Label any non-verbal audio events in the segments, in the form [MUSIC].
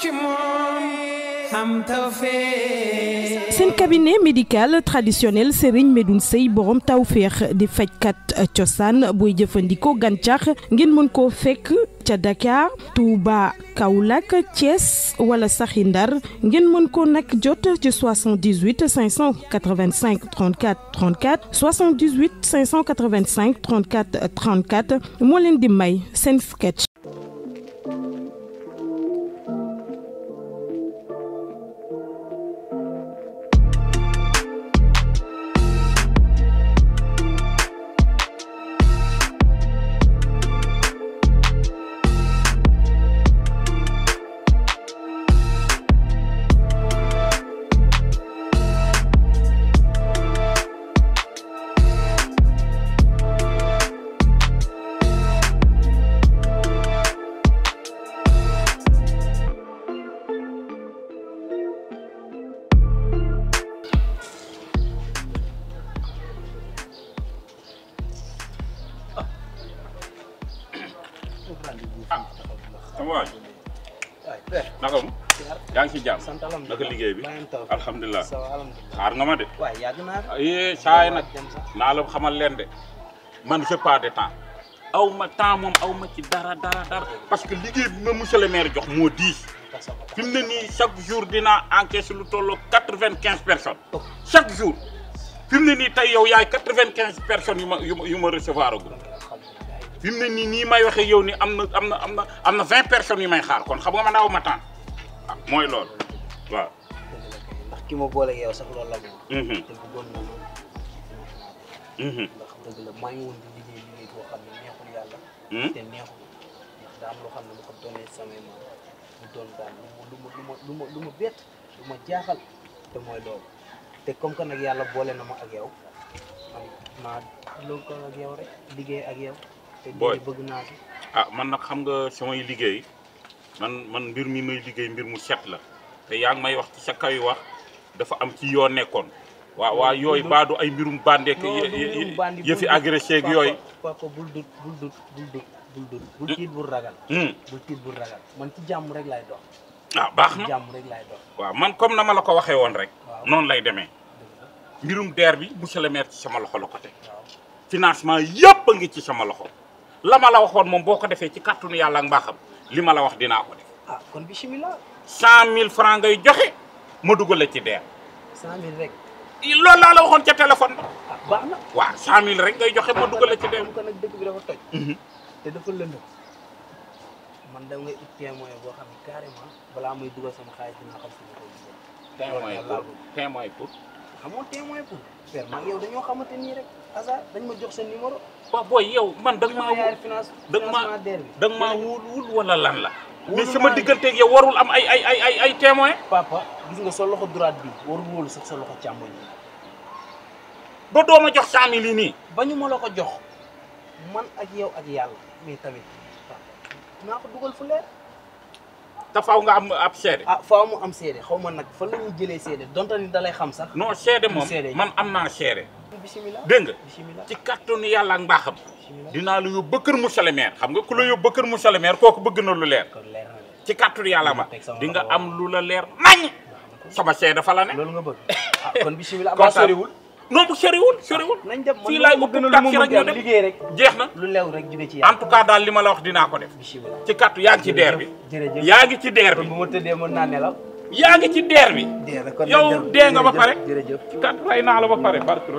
ci moom am cabinet médical traditionnel Serigne Medoun Sey borom tawfeex di fajkat cosaan booy jëfandikoo gantiax ngeen mën ko fekk ca Dakar Touba Kaolack Thiès wala Sakhindar Ndar ngeen mën ko nak jot ci 78 585 34 34 78 585 34 34 mo leen di may sen sketch. Saliou Diouf sama waaj naka mu yaa ngi bi alhamdulilah xaar nga ma de waay yàgg naa eh saay nag naa la xamal leen de man je pas de temps aw ma temps moom aw ma ci bi ma monsieur le maire jox moo diis fi mu ne nii chaque jour dinaa encaisse lu tolloo quatre vingt quinze personnes chaque jour fi mu ne personnes bi mu ne nii nii may waxe yow ni am na am na am na am na vingt personnes yu may xaar kon xam nga man daaw ma tànn ah mooy loolu waaw. ndax ki ma boole yow sax loolu la moom. Mhm. te bëggoon na mhm. maa ngi woon di liggéey liggéey boo xam ne neexul yàlla. Hmm? te neexul ndax am loo xam ne bu ko doonee samay ma mu doon lu ma lu lu ma bett lu ma jaaxal te mooy loolu te comme que nag yàlla boole na ma ak yow man maa lëkkaloo ak yow rek liggéey ak yow. booy bëgg naa si ah, man nag xam nga samay liggéey man man mbir mi may liggéey mbir mu set la te yaa ngi may wax ci sa kaw wax dafa am ci yoo nekkoon waaw waaw yooyu baadu ay mbirum bandek yëfi agressé ak yooyu papa bul dut bul dut ci jàmm rek lay dox ah, baax na jàmm waaw man comme na ma la ko waxee woon rek noonu lay demee mbirum deer bi monsieur le maire ci sama loxo la ko teg financement yëpp ngi ci sama loxo la ma la waxoon moom boo ko defee ci kàttanu yàlla ak mbaaxam li ma la wax dinaa ko ah, kon bisimilah. cent mille franc ngay joxe ma dugal la ci deer. cent mille rek. laa la waxoon ca téléphone ba. ah baax cent mille rek ngay joxe ma dugal la ci deer. kon nag dëkk bi dafa toj. Mhm. te dafa lëndëm. man da ngay ut témoin boo xam ne carrément balaa muy dugal sama xaalis dinaa xam si témoin pour. xamoo témoin pour faire maa yow dañoo xamante nii rek hasard dañ ma jox sa numéro. waaw booy yow man da nga maa wóol da nga maa da nga maa wóol wóol wala lan la. mais sama digganteeg yow warul am ay ay ay ay ay papa gis nga sa loxo droite bi warul wóolu sax sa loxo càmmoñ ba doo ma jox cent mille yi nii. bañu ma la ko jox man ak yow ak yàlla mais tamit te faw nga am ab seede. ah mu am seede xaw ma nag fan la ñuy jëlee seede donte dalay xam sax. non seede moom man am naa seede. bisimilah dégg nga ci kàttanu yàlla ak mbaaxam. dinaa la yóbbu ba kër monsieur le xam nga ku la yóbbu ba kër monsieur le maire kooku bëgg na lu leer. ci kàttanu yàlla ma di nga am lu la leer nañ sama seede fa la ne. loolu nga bëgg [LAUGHS] ah kon bisimilah. non bu soriwul ah, soriwul. nañ dem man laa bëgg na lu ma mën rek jeex na lu lew rek jóge ci yàlla. en tout daal li ma la wax dinaa ko def. ci kàttu yaa ngi ci deer bi. jërëjëf yaa ngi ci deer bi. bu ma tëddee mën naa nelaw. yaa ngi ci deer bi. yow dee nga ba pare. jërëjëf ci kàttu rey naa la ba pare barke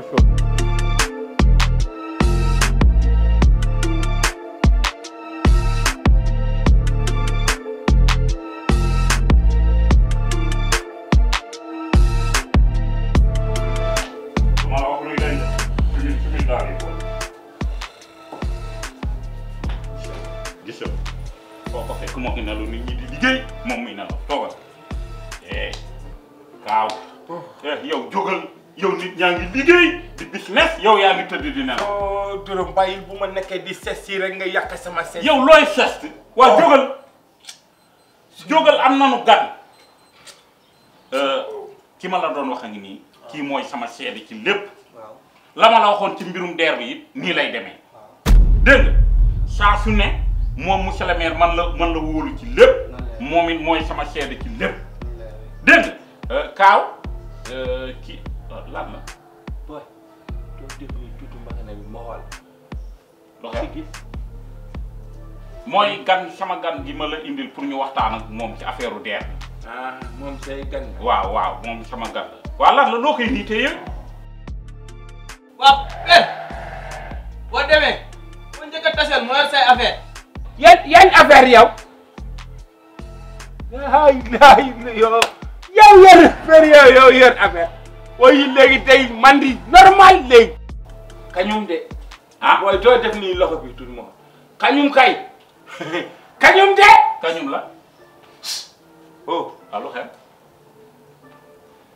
ngi tëdd di nelaw. dërëm oh, bàyyi bu ma nekkee di ses yi rek nga yàq sama ses. yow looy ses. waaw oh. jógal jógal am nanu gan. Euh, ki ma la doon wax a ngi nii. kii mooy sama seede ci lépp. la ma la waxoon ci mbirum deer bi it nii lay demee. dégg saa su ne moom monsieur le man la man la wóolu ci lépp. moom it mooy sama seede ci lépp. dégg euh, Kaaw. Euh, kii lan la. ma déglu tuuti bi gis. gan sama gan gi ma la indil pour ñu waxtaan ak moom ci ah moom gan waaw waaw sama gan la. lan la noo eh boo bu njëkk a taseel say affaire. yan yan affaire yow. ay ay yow yow yor affaire yow yow affaire way léegi tey man di normal léegi kañum de ah waaye doo def nii loxo bi tuuti moom kañum kay [LAUGHS] kañum de kañum la oh allo xel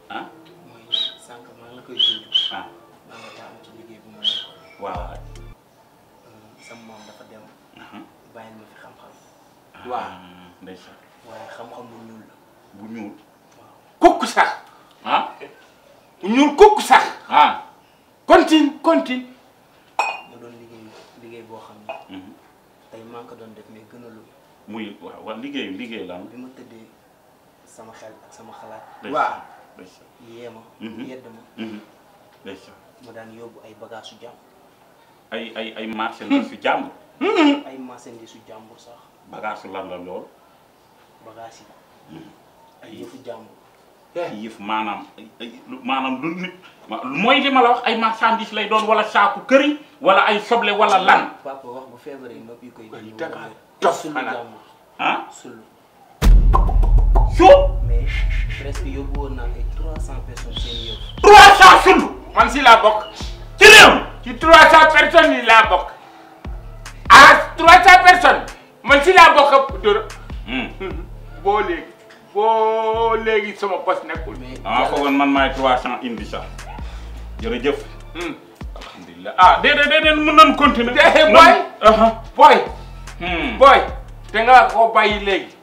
ah mooy sànq maa ngi koy dund ah maa nga daam ci liggéey bu ma nekk mm, sama dafa dem uh-huh. ma fi xam-xam ah, xam-xam bu ñuul bu ñuul sax ñuul kukk sax. ah continue continue. nga doon liggéey liggéey boo xam ne. Mhm. tey maa ngi ko doon def mais gënalu. muy waaw waaw liggéey liggéey la am. bi ma tëddee sama xel ak sama xalaat. waaw yee ma. Mhm. yedd ma. Mhm. ma daan yóbbu ay bagages su jàmm. ay ay ay marchandises su jàmm. ay marchandises su jàmbur sax. bagage su lan la lool. bagages yi. ay yëfu jàmbur. yëf maanaam ay maanaam lu nit mooy li ma la wax ay marchandise lay doon wala saaku këriñ wala ay soble wala lan. papa wax bu feebaree nopp yi koy. ay daga tos xanaa ah sul. su. mais presque yóbbu woon naa ay 300 personnes seen yëf. 300 sul. man si laa bokk. ci réew ci 300 personnes yi laa bokk. ah 300 personnes man si laa bokk ak doro. Hmm. boo léegi. boo léegi sama poste nekkul. ah foogoon man maay trois cent indi sax jërëjëf. Hmm. alhamdulilah ah déedéet déedéet mën nañu continuer. déedéet eh, eh, booy. Uh-huh. Hmm. booy. booy te nga koo bàyyi léegi.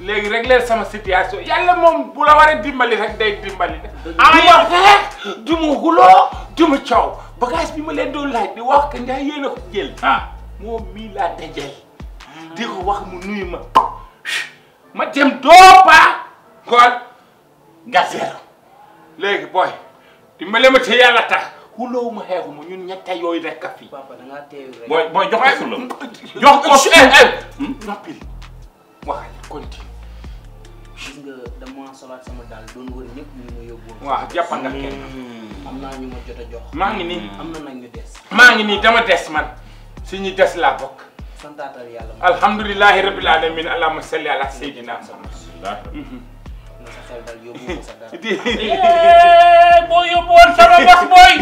léegi régler sama situation yàlla moom bu la waree dimbali rek day dimbali. ah ma xeex du ma xuloo du ma coow bagage bi ma leen doon laaj di wax que Ndiaye ah. mii laa dajale. Ah. di ko wax mu nuyu ma. ma dem do pa xool nga legui boy di dimbale ma ci yalla tax hulo mu xexu mu ñun ñetta yoy rek ka fi papa da nga teew rek. boy boy jox ko su jox ko su noppil wax continue. gis nga mo salat sama dal, doon wër ñep ñu ñu yóbbu. wax jàpp nga kenn. amna ñu ma jot jox. maa ngi nii am na dess ñu ngi dama dess man si dess la bok santaatal yàlla moom. alhamdulilahi rabbil alamin allahumma salli ala sayyidina [LAUGHS] eh, boo yóbbuwoon sama bas booy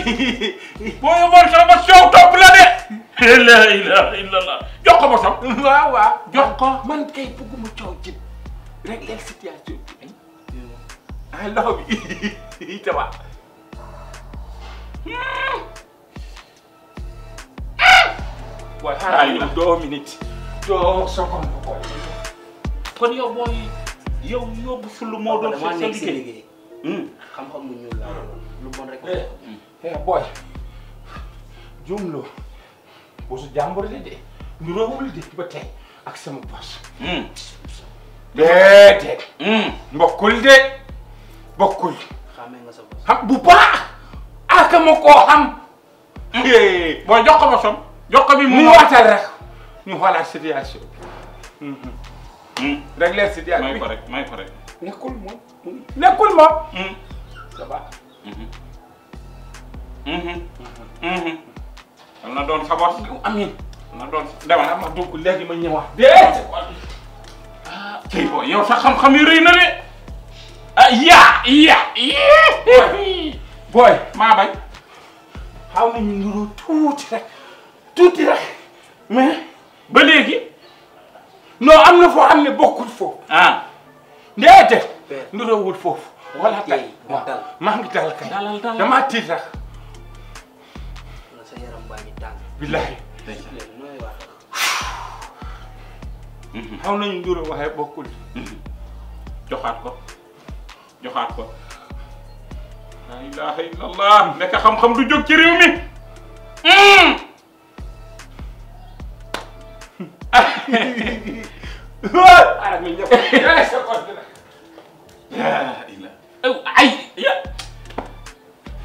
boo yóbbuwoon sama bas soow topp la de. la ilaha illallah jox ko ma sam. waaw waaw jox ko man kay bëgguma coow ci rek leen situation bi. Eh? ah loxo bi [LAUGHS] tabax. Hmm. boy xaaral ñu doo minute doo seconde boy kon yow booy yow yóbbu fulu moo doon sa liggéey xam-xam bu ñuul la lu boy jumlo boo su jàmbur de ñu roowul de ba tey ak sama bos déedéet mbokkul de bokkul xamee nga sa bos xam bu baax aka ma koo xam booy jox ko bi mu waatal rek ñu xoolaat situation bi. Hmm. Hmm. régler situation bi may ko rek may ko rek. nekkul moom nekkul moom. Hmm. ça va. am na doon xabar. amiin am na doon dama la ma dugg léegi ma ñëwaat. déedéet ah kii boo yow sax xam-xam yi rëy na de ah yaa yaa booy maa bay xaw nañu rek. tuuti rek mais ba léegi non am na foo xam ne bokkul foofu. ah ndeete. nu rawul foofu. wala kay waaw maa ngi dal kay. dalal dalal damaa tiit sax. sa yaram baa ngi tàng. billahi. xaw nañu nduura waxee bokkul. joxaat ko joxaat ko. la ilaha illallah nekk xam-xam du jóg ci réew mi. arak mi ñëpp ay ya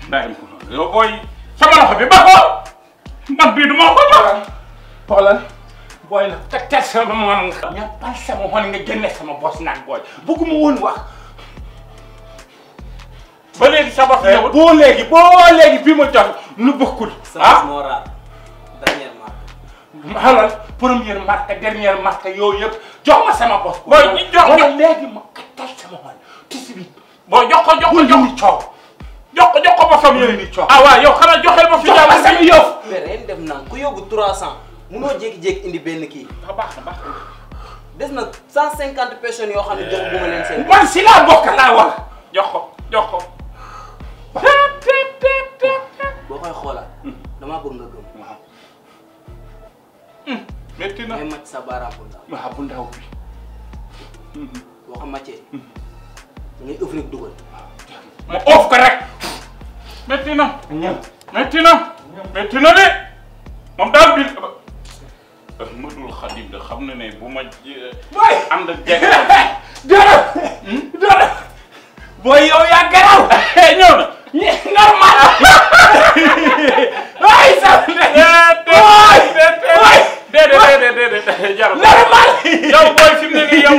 bàyyi ko yow booy sama loxo bi ba ko ndax bii du ma ko jox xoolal la tegtal sama moon nga ñappal sama xool nga génne sama bos naan booy bëgguma woon wax ba léegi sa bos eh, boo léegi boo léegi fii ma jox lu bokkul ah xalal première marque dernière marque yooyu yëpp jox ma sama bopp. booy jox wala léegi ma toj sama xol tisi bi. booy jox ko jox ko jox ko coow. jox ko jox ko boppam yële ni coow. ah waaw yow xanaa joxel ma fi jox ma sama yow. ren naa ku yóbbu 300 munoo jékki-jékki indi benn kii. ah baax na baax na. des na 150 personnes yoo xam ne jox bu ma leen seen. man si laa bokk jox ko jox ko. boo hettina e macca sabara bunda ma ha bunda hoppi woko macce ngay ëf rek dugal ma ëf ko rek mettina mettina mettina de mom dal bil Ahmadul eh, Khadim da xam na ne bu ma boy am da jéggal dara dara boy yow oh, ya garaw ñew na normal yow booy fi mu ne nii yow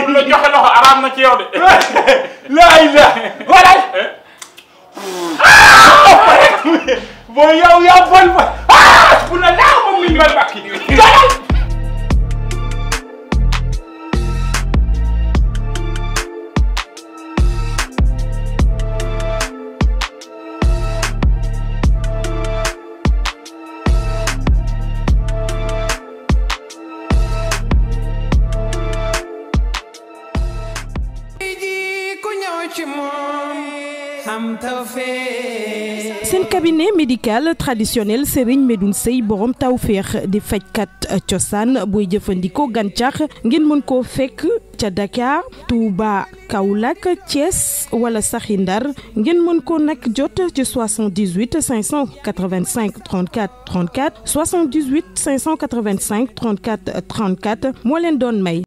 cabinet médical traditionnel Serigne borom tawféex di fajkat cosaan booy jëfandikoo gantiax ngeen mën ko fekk ca Dakar Touba Kaoulak Thiès wala Sakhindar ngeen ko nak jot ci 78 585 34 34 78 585 34 34 mo leen doon may